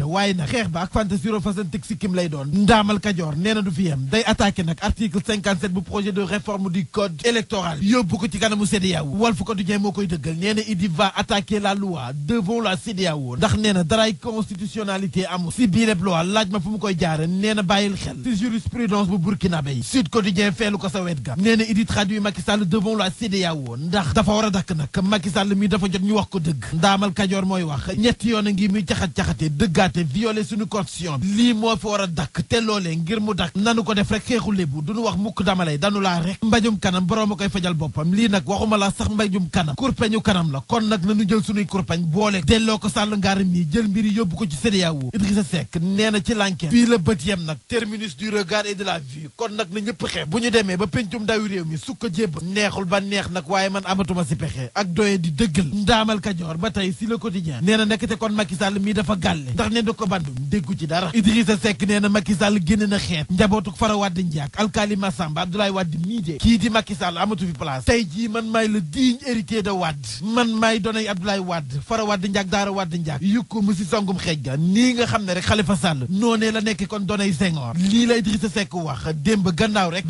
de waaye nag xeex ba ak fantasiro fasantik sikkim lay doon ndaamal kajoor nee na du fi yem day attaqué nag article 57 bu projet de réforme du code électoral yóbbu ko ci kanamu CEDEAO Walf Quotidien moo koy dëggal nee na idi va attaquer la loi devant la CEDEAO ndax nee na daraay constitutionnalité amul si biireb loi laaj ma fu mu koy jaare nee na bàyyil xel si jurisprudence bu burkinabé yi Sud Quotidien feelu ko sa wet ga nee na idi traduit Macky Sall sàll la a dakk nag wax ko dëgg ndaamal kajoor mooy wax ñetti yoon a ngi muy caxat-caxate dëggaat te violé suñu constitution bi lii moo fi war a dakk te loolee ngir mu dakk nanu ko def rek xeexu lébu duñu wax mukk dama lay danu laa rek mbajum kanam boroom a koy fajal boppam lii nag waxuma la sax mbajum kanam kurpeñu kanam la kon nag nanu jël suñuy kurpeñ boole delloo ko sàll ngaari mii jël mbiri yóbbu ko ci CEDEAO Idrissa Seck nee na ci l'enquête fii la bët yem nag terminus du regard et de la vue kon nag na ñëpp xeex bu ñu demee ba péncum ndawi réew mi sukka jébb neexul ba neex nag waaye man amatuma si ak doye di dëggal ndaamal kajoor ba tey si le quotidien nee na nekk te kon Macky Sall mii dafa gàlle da ko bandu déggu ci dara Idrissa Seck nee na Macky Sall génn na xeet njabootuk Fara Wade Ndiak alkaali Massamba Abdoulaye Wade mii de kii di Macky Sall amatu fi place tey jii man maay le digne héritier de Wade man maay donay Abdoulaye Wade Fara Wade Ndiak Daara Wade Ndiak yukku mu si songum xeej ga nii nga xam ne rek Khalifa Sall noonee la nekk kon donay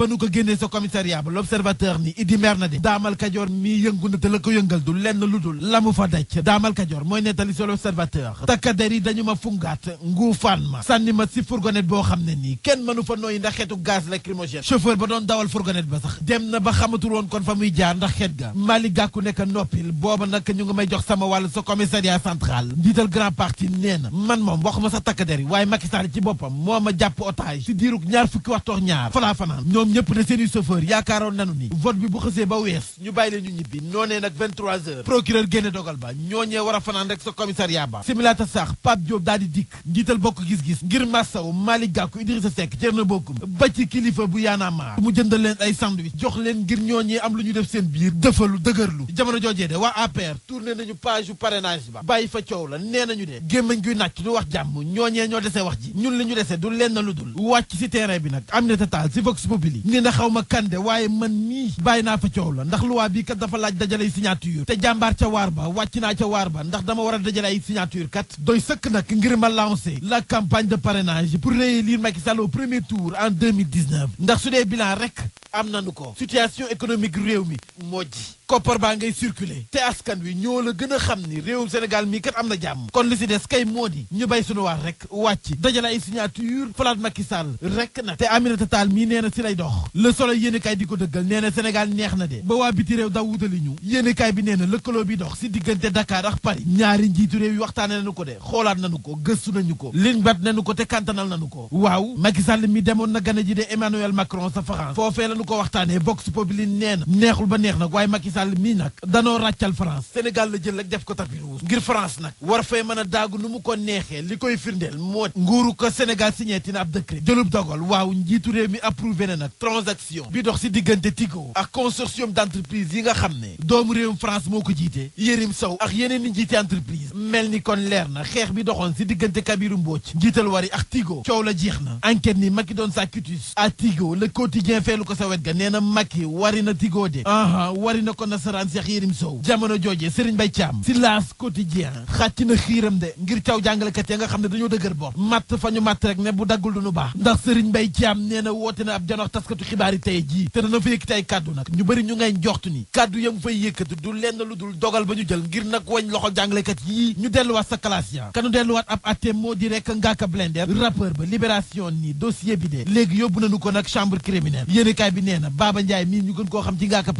ba nu ko génnee sa commissariat ba l'observateur ni idi mer na de daamal kajoor mii yëngu te la ko yëngal du lenn lu dul la mu fa daj daamal kajoor mooy nettali sa l'observateur takkader yi dañu ma fungu gàtt nguufaan ma sànni ma si fourgonnette boo xam ne nii kenn mënu fa nooyi ndax xeetu gaz lacrymogène chauffeur ba doon dawal fourgonnette ba sax dem na ba xamatul kon fa muy jaar ndax xeet ga Malick Gakou nekk noppil booba nag ñu ngi may jox sama wàll sa commissariat central njiital grand parti nee na man moom waxuma sa takk der waaye Macky Sall ci boppam moo ma jàpp otage si diirug ñaar fukki waxtu ñaar fanaan ñoom ñëpp ne seeni chauffeur yaakaaroon a dikk njiital bokk gis-gis ngir massaw Malick Gakou Idrissa Seck Thierno Bocoum ba ci kilifa bu yaanaamaar mu jëndal leen ay sandwich jox leen ngir ñooñee am lu ñu def seen biir dëfalu dëgërlu jamono joojee de waa APR tourné nañu page yu parrainage ba bàyyi fa coow la nee nañu de gémmañ guy nàcc du wax jàmm ñooñee ñoo desee wax ji ñun li ñu desee du leen na lu dul wàcc si terrain bi nag Aminata Tall si Vox Populi ni na ma kande waaye man mii bàyyi naa fa coow la ndax luwaa bi kat dafa laaj dajalay signature te jàmbaar ca waar ba wàcc naa ca waar ba dama war a dajale ay signature kat doy sëkk ma lancé la campagne de parrainage pour réélire Macky Sall au premier tour en 2019 ndax bilan rek situation économique réew koppar baa ngay circuler te askan wi ñoo la gën a xam ni réewum Sénégal mii kat am na jàmm kon li si des kay moo di ñu bay suñu waar rek wàcc dajale ay signature falaat Macky Sall rek nag te Aminata Tall mii nee na si lay dox le soleil yéeni kaay di ko dëggal nee na Sénégal neex na de ba waa biti réew daw wutali ñu yéeni kaay bi nee na lëkkaloo bi dox si diggante Dakar ak Paris ñaari njiitu réew yi waxtaane nañu ko de xoolaat nañu ko gëstu nañu ko liñ bat nañu ko te kantanal nañu ko waaw Macky Sall mi demoon na a ji de Emmanuel Macron sa France foofee lañu ko waxtaane Vox Populi nee na neexul neex nag waaye Minak mii nag danoo France Sénégal la jël rek def ko tapis rouge ngir France nak. war fay mën dagu numu ko nexé likoy firndel mo ko Sénégal signé tin ab décret Dogol waaw njiitu mi approuvé na transaction bi dox si digënté Tigo A consortium d'entreprise yi nga xamné ne doomu France moko jité. Yérim Sow ak yenen i entreprise mel ni kon leer na xeex bi doxoon ci digënté Kabirou Mbóoj Wari ak Tigo Ciow la jeex na enquête ni Macky doon sa cutis à Tigo le quotidien feelu ko sa ga néna na Macky wari na Tigo dé. aha wari na kon nasaraan Cheikh Yérim Sow jamono jooje Serigne Bay Thiam si laas quotidien xàcc na xiiram de ngir caw jàngalekat ya nga xam ne dañoo dëgër bopp matt fa ñu matt rek ne bu daggul du nu baax ndax Serigne Bay Thiam nee na woote na ab janox taskatu xibaar yi tey jii te dana fa yëkkati ay kàddu nag ñu bëri ñu ngay njoxtu ni kàddu yam fay yëkkati du lenn lu dul dogal ba ñu jël ngir nag wañ loxo jàngalekat yii ñu delluwaat sa classe ya kanu delluwaat ab atte moo di rek Ngaaka Blindé rappeur ba libération ni dossier bi de léegi yóbbu nañu ko nag chambre criminelle bi nee na Baba Ndiaye mii ñu gën koo xam ci Ngaaka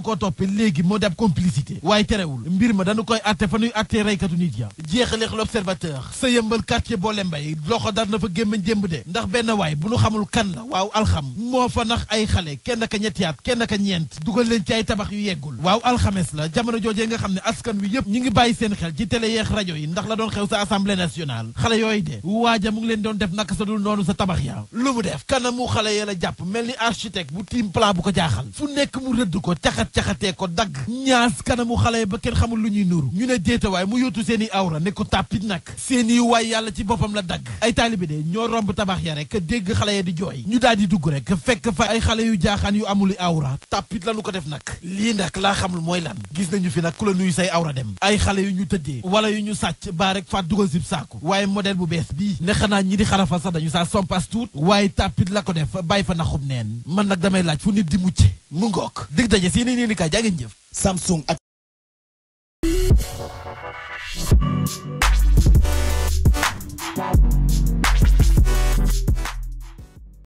nu ko toppe léegi moo di ab complicité waaye terewul mbir ma dañu koy atte fa nuy atte reykatu nit ya jeexaleex l'observateur sa yëmbal quartier boole mbay loxo dar na fa gémmañ de ndax benn waay bu nu xamul kan la waaw alxam moo fa nax ay xale kenn ka ñetti at kenn ka ñeent dugal leen ci ay tabax yu yeggul waaw alxames la jamono joojee nga xam ne askan wi yëpp ñi ngi bàyyi seen xel ci télé yeex rajo yi ndax la doon xew sa assemblée nationale xale doon def naka sa dul sa tabax ya lu mu def kanamu xale mel ni architecte bu bu ko jaaxal fu nekk caxat-caxatee ko dagg ñaas kanamu xale ba kenn xamul lu ñuy nuru ñu ne déetawaay mu yootu seeni i awra ne ko tàppit nag seen i waay yàlla ci boppam la dagg ay taalibe de ñoo romb tabax ya rek dégg xale ya di jooy ñu daal di dugg rek fekk fa ay xale yu jaaxaan yu amul i awra tàppit lañu ko def nag lii nag laa xamul mooy lan gis nañu fi nag ku la nuyu say awra dem ay xale yu ñu tëddee wala yu ñu sàcc baa rek fa dugal sib saaku waaye modèle bu bees bii ne xanaa ñi di xarafa sax dañu saa sompas tuut waaye tàppit la ko def bàyyi fa naxum neen man nag damay laaj fu nit di mucce mu ngook dig daje si yeneen i kaay jaa